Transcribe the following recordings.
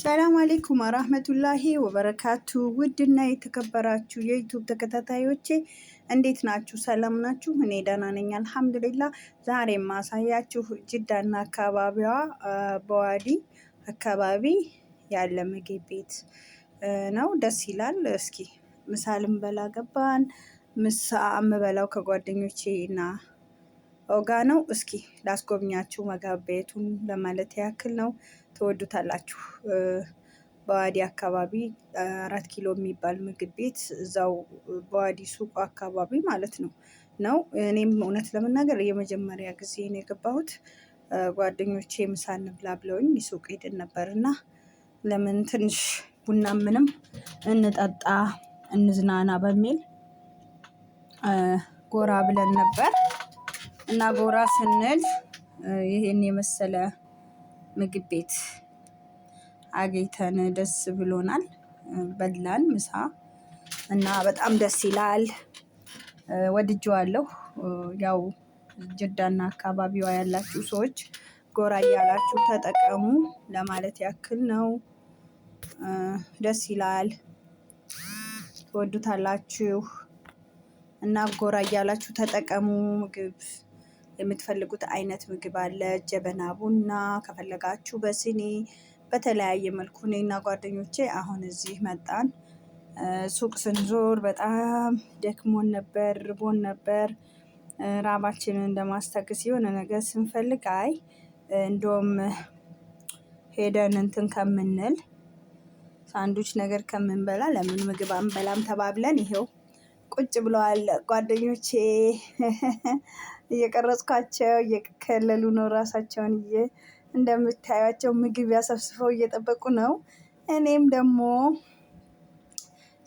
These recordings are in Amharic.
ሰላም አሌይኩም ወራህመቱላሂ ወበረካቱ። ውድና የተከበራችሁ የዩቱብ ተከታታዮቼ እንዴት ናችሁ? ሰላም ናችሁ? እኔ ደህና ነኝ አልሐምዱሊላ። ዛሬ ማሳያችሁ ጅዳና አካባቢዋ በዋዲ አካባቢ ያለ ምግብ ቤት ነው። ደስ ይላል። እስኪ ምሳልም በላ ገባን። ምሳ ምበላው ከጓደኞቼ ና ኦጋ ነው። እስኪ ላስጎብኛችሁ መጋቤቱን ለማለት ያክል ነው። ትወዱታላችሁ። በዋዲ አካባቢ አራት ኪሎ የሚባል ምግብ ቤት እዛው በዋዲ ሱቁ አካባቢ ማለት ነው ነው እኔም እውነት ለመናገር የመጀመሪያ ጊዜ ነው የገባሁት። ጓደኞቼ ምሳ እንብላ ብለውኝ ሱቅ ሄደን ነበር እና ለምን ትንሽ ቡና ምንም እንጠጣ እንዝናና በሚል ጎራ ብለን ነበር። እና ጎራ ስንል ይህን የመሰለ ምግብ ቤት አግኝተን ደስ ብሎናል። በላን ምሳ እና በጣም ደስ ይላል። ወድጄዋለሁ። ያው ጅዳና አካባቢዋ ያላችሁ ሰዎች ጎራ እያላችሁ ተጠቀሙ ለማለት ያክል ነው። ደስ ይላል። ትወዱታላችሁ። እና ጎራ እያላችሁ ተጠቀሙ ምግብ የምትፈልጉት አይነት ምግብ አለ። ጀበና ቡና ከፈለጋችሁ በሲኒ በተለያየ መልኩ እና ጓደኞቼ አሁን እዚህ መጣን። ሱቅ ስንዞር በጣም ደክሞን ነበር ርቦን ነበር። ራባችንን ለማስታገስ የሆነ ነገር ስንፈልግ አይ እንደውም ሄደን እንትን ከምንል ሳንዱች ነገር ከምንበላ ለምን ምግብ አንበላም ተባብለን ይሄው ቁጭ ብለዋል ጓደኞቼ እየቀረጽኳቸው እየከለሉ ነው ራሳቸውን እየ እንደምታዩቸው ምግብ ያሰብስበው እየጠበቁ ነው። እኔም ደግሞ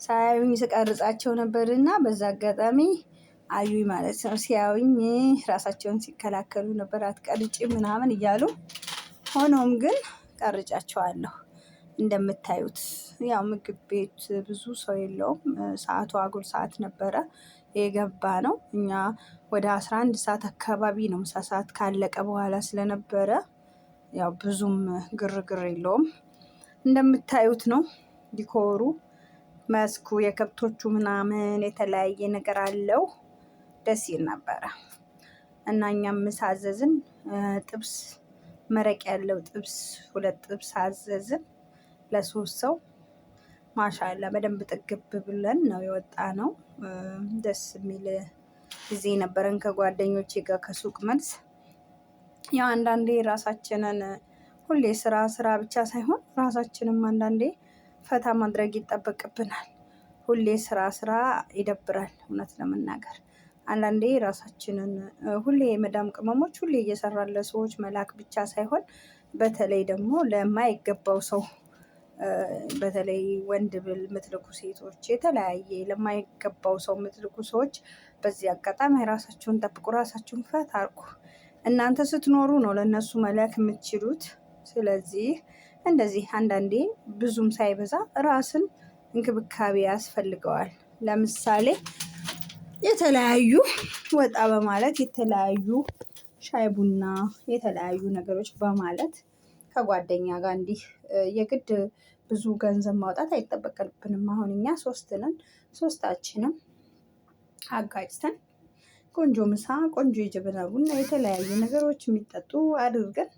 ሳያዩኝ ስቀርጻቸው ነበር እና በዛ አጋጣሚ አዩኝ ማለት ነው። ሲያዩኝ ራሳቸውን ሲከላከሉ ነበር አትቀርጭ ምናምን እያሉ ሆኖም ግን ቀርጫቸዋለሁ። እንደምታዩት ያው ምግብ ቤት ብዙ ሰው የለውም። ሰዓቱ አጉል ሰዓት ነበረ የገባ ነው። እኛ ወደ አንድ ሰዓት አካባቢ ነው ምሳ ሰዓት ካለቀ በኋላ ስለነበረ ያው ብዙም ግርግር የለውም። እንደምታዩት ነው ዲኮሩ፣ መስኩ፣ የከብቶቹ ምናምን የተለያየ ነገር አለው። ደስ ይል ነበረ እና እኛም ምሳ አዘዝን። ጥብስ መረቅ ያለው ጥብስ ሁለት ጥብስ አዘዝን። ለሶስት ሰው ማሻላ በደንብ ጥግብ ብለን ነው የወጣ ነው። ደስ የሚል ጊዜ ነበረን ከጓደኞቼ ጋር ከሱቅ መልስ። ያው አንዳንዴ ራሳችንን ሁሌ ስራ ስራ ብቻ ሳይሆን ራሳችንም አንዳንዴ ፈታ ማድረግ ይጠበቅብናል። ሁሌ ስራ ስራ ይደብራል፣ እውነት ለመናገር አንዳንዴ ራሳችንን ሁሌ የመዳም ቅመሞች ሁሌ እየሰራን ለሰዎች መላክ ብቻ ሳይሆን በተለይ ደግሞ ለማይገባው ሰው በተለይ ወንድ ብል የምትልኩ ሴቶች፣ የተለያየ ለማይገባው ሰው የምትልኩ ሰዎች በዚህ አጋጣሚ ራሳችሁን ጠብቁ፣ ራሳችሁን ፈት አርጉ። እናንተ ስትኖሩ ነው ለእነሱ መላክ የምትችሉት። ስለዚህ እንደዚህ አንዳንዴ ብዙም ሳይበዛ ራስን እንክብካቤ ያስፈልገዋል። ለምሳሌ የተለያዩ ወጣ በማለት የተለያዩ ሻይ ቡና የተለያዩ ነገሮች በማለት ከጓደኛ ጋር እንዲህ የግድ ብዙ ገንዘብ ማውጣት አይጠበቅብንም። አሁን እኛ ሶስት ነን። ሶስታችንም አጋጭተን ቆንጆ ምሳ፣ ቆንጆ የጀበና ቡና፣ የተለያዩ ነገሮች የሚጠጡ አድርገን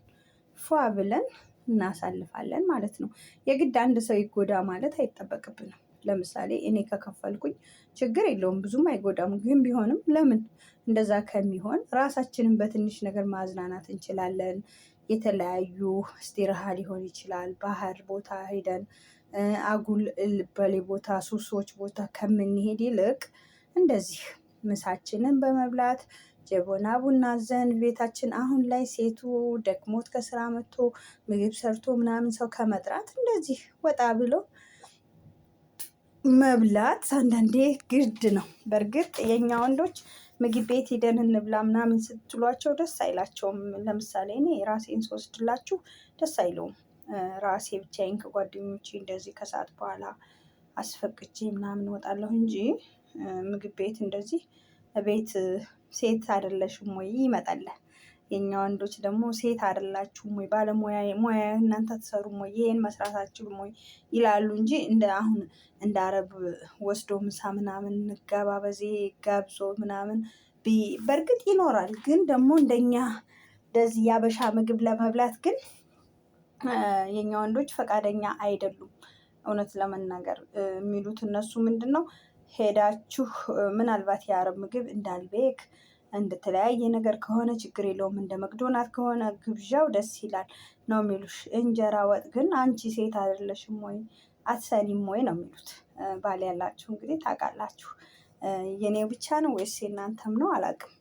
ፏ ብለን እናሳልፋለን ማለት ነው። የግድ አንድ ሰው ይጎዳ ማለት አይጠበቅብንም። ለምሳሌ እኔ ከከፈልኩኝ ችግር የለውም ብዙም አይጎዳም። ግን ቢሆንም ለምን እንደዛ ከሚሆን ራሳችንን በትንሽ ነገር ማዝናናት እንችላለን። የተለያዩ ስቴርሃ ሊሆን ይችላል ባህር ቦታ ሄደን አጉል በሌ ቦታ ሱሶች ቦታ ከምንሄድ ይልቅ እንደዚህ ምሳችንን በመብላት ጀቦና ቡና ዘንድ ቤታችን አሁን ላይ ሴቱ ደክሞት ከስራ መጥቶ ምግብ ሰርቶ ምናምን ሰው ከመጥራት እንደዚህ ወጣ ብሎ መብላት አንዳንዴ ግድ ነው። በእርግጥ የኛ ወንዶች ምግብ ቤት ሄደን እንብላ ምናምን ስትሏቸው ደስ አይላቸውም። ለምሳሌ እኔ ራሴን ስወስድላችሁ ደስ አይለውም። ራሴ ብቻዬን ከጓደኞቼ እንደዚህ ከሰዓት በኋላ አስፈቅጄ ምናምን እወጣለሁ እንጂ ምግብ ቤት እንደዚህ ቤት ሴት አይደለሽም ወይ ይመጣለን የኛ ወንዶች ደግሞ ሴት አይደላችሁም ወይ ባለሙያ ሙያ እናንተ ትሰሩም ወይ ይሄን መስራታችሁ ወይ ይላሉ እንጂ እንደ አሁን እንደ አረብ ወስዶ ምሳ ምናምን እንጋባ በዜ ጋብዞ ምናምን በእርግጥ ይኖራል። ግን ደግሞ እንደኛ እንደዚህ የሀበሻ ምግብ ለመብላት ግን የኛ ወንዶች ፈቃደኛ አይደሉም። እውነት ለመናገር የሚሉት እነሱ ምንድነው? ሄዳችሁ ምናልባት የአረብ ምግብ እንዳልቤክ እንደተለያየ ነገር ከሆነ ችግር የለውም። እንደ መግዶናት ከሆነ ግብዣው ደስ ይላል ነው የሚሉሽ። እንጀራ ወጥ ግን አንቺ ሴት አይደለሽም ወይ አትሰሪም ወይ ነው የሚሉት። ባል ያላችሁ እንግዲህ ታውቃላችሁ። የኔ ብቻ ነው ወይስ የእናንተም ነው አላውቅም።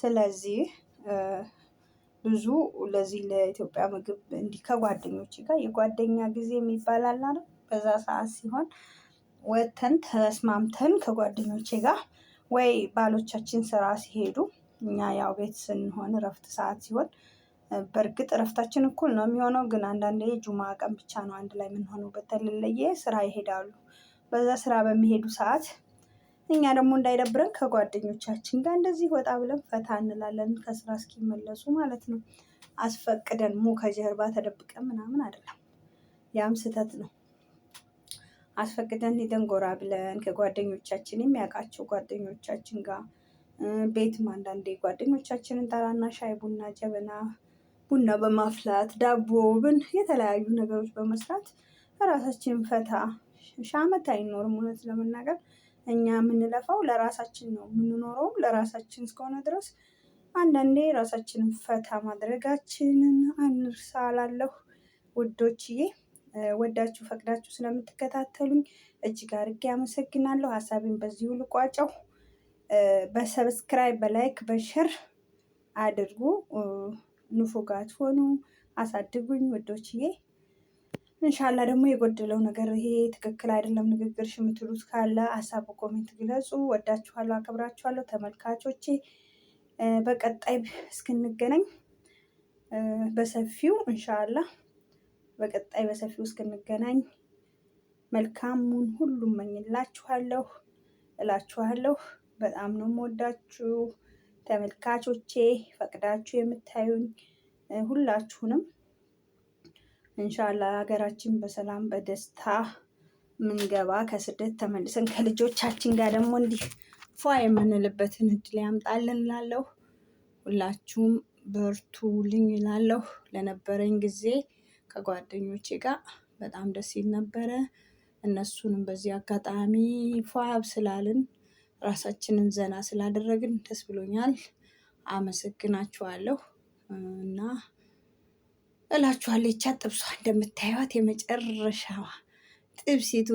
ስለዚህ ብዙ ለዚህ ለኢትዮጵያ ምግብ እንዲህ ከጓደኞች ጋር የጓደኛ ጊዜ የሚባል አለ በዛ ሰዓት ሲሆን ወተን ተስማምተን ከጓደኞቼ ጋር ወይ ባሎቻችን ስራ ሲሄዱ እኛ ያው ቤት ስንሆን እረፍት ሰዓት ሲሆን በእርግጥ እረፍታችን እኩል ነው የሚሆነው። ግን አንዳንዴ ጁማ ቀን ብቻ ነው አንድ ላይ የምንሆነው በተለየ ስራ ይሄዳሉ። በዛ ስራ በሚሄዱ ሰዓት እኛ ደግሞ እንዳይደብረን ከጓደኞቻችን ጋር እንደዚህ ወጣ ብለን ፈታ እንላለን ከስራ እስኪመለሱ ማለት ነው። አስፈቅደን ሙ ከጀርባ ተደብቀን ምናምን አይደለም። ያም ስህተት ነው አስፈቅደን ሄደን ጎራ ብለን ከጓደኞቻችን የሚያውቃቸው ጓደኞቻችን ጋር ቤትም አንዳንዴ ጓደኞቻችንን ጠራና ሻይ ቡና ጀበና ቡና በማፍላት ዳቦ ብን የተለያዩ ነገሮች በመስራት ራሳችንን ፈታ ሻመት አይኖርም። እውነት ለመናገር እኛ የምንለፋው ለራሳችን ነው፣ የምንኖረውም ለራሳችን እስከሆነ ድረስ አንዳንዴ ራሳችንን ፈታ ማድረጋችንን አንርሳ አላለሁ ውዶችዬ። ወዳችሁ ፈቅዳችሁ ስለምትከታተሉኝ እጅግ አድርጌ አመሰግናለሁ። ሀሳቤን በዚሁ ልቋጨው። በሰብስክራይብ በላይክ በሸር አድርጉ። ንፉጋት አትሆኑ። አሳድጉኝ ወዶችዬ። እንሻላ ደግሞ የጎደለው ነገር ይሄ ትክክል አይደለም ንግግር የምትሉት ካለ ሀሳብ ኮሜንት ግለጹ። ወዳችኋለሁ፣ አከብራችኋለሁ ተመልካቾቼ። በቀጣይ እስክንገናኝ በሰፊው እንሻላ በቀጣይ በሰፊው እስክንገናኝ መልካሙን ሁሉ እመኝላችኋለሁ እላችኋለሁ። በጣም ነው የምወዳችሁ ተመልካቾቼ፣ ፈቅዳችሁ የምታዩኝ ሁላችሁንም። እንሻላ ሀገራችን በሰላም በደስታ ምንገባ ከስደት ተመልሰን ከልጆቻችን ጋር ደግሞ እንዲህ ፏ የምንልበትን እድል ያምጣልን እላለሁ። ሁላችሁም በርቱልኝ እላለሁ። ለነበረኝ ጊዜ ከጓደኞቼ ጋር በጣም ደስ ይል ነበረ። እነሱንም በዚህ አጋጣሚ ፏብ ስላልን ራሳችንን ዘና ስላደረግን ደስ ብሎኛል። አመሰግናችኋለሁ። እና እላችኋለሁ ይቻ ጥብሷ እንደምታዩት የመጨረሻዋ ጥብሲቱ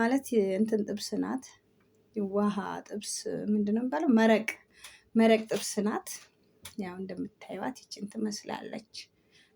ማለት እንትን ጥብስ ናት። ውሃ ጥብስ ምንድነው የሚባለው? መረቅ መረቅ ጥብስ ናት። ያው እንደምታዩት ይችን ትመስላለች።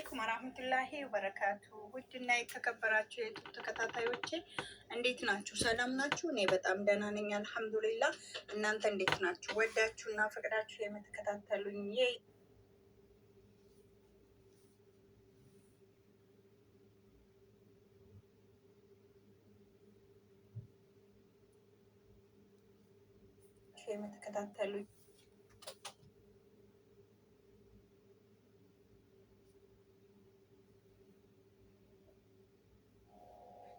አሌይኩም ወራህመቱላሂ ወበረካቱ። ውድና የተከበራችሁ የዩቱብ ተከታታዮቼ እንዴት ናችሁ? ሰላም ናችሁ? እኔ በጣም ደህና ነኝ አልሐምዱሊላ። እናንተ እንዴት ናችሁ? ወዳችሁና ፈቅዳችሁ የምትከታተሉኝ የምትከታተሉኝ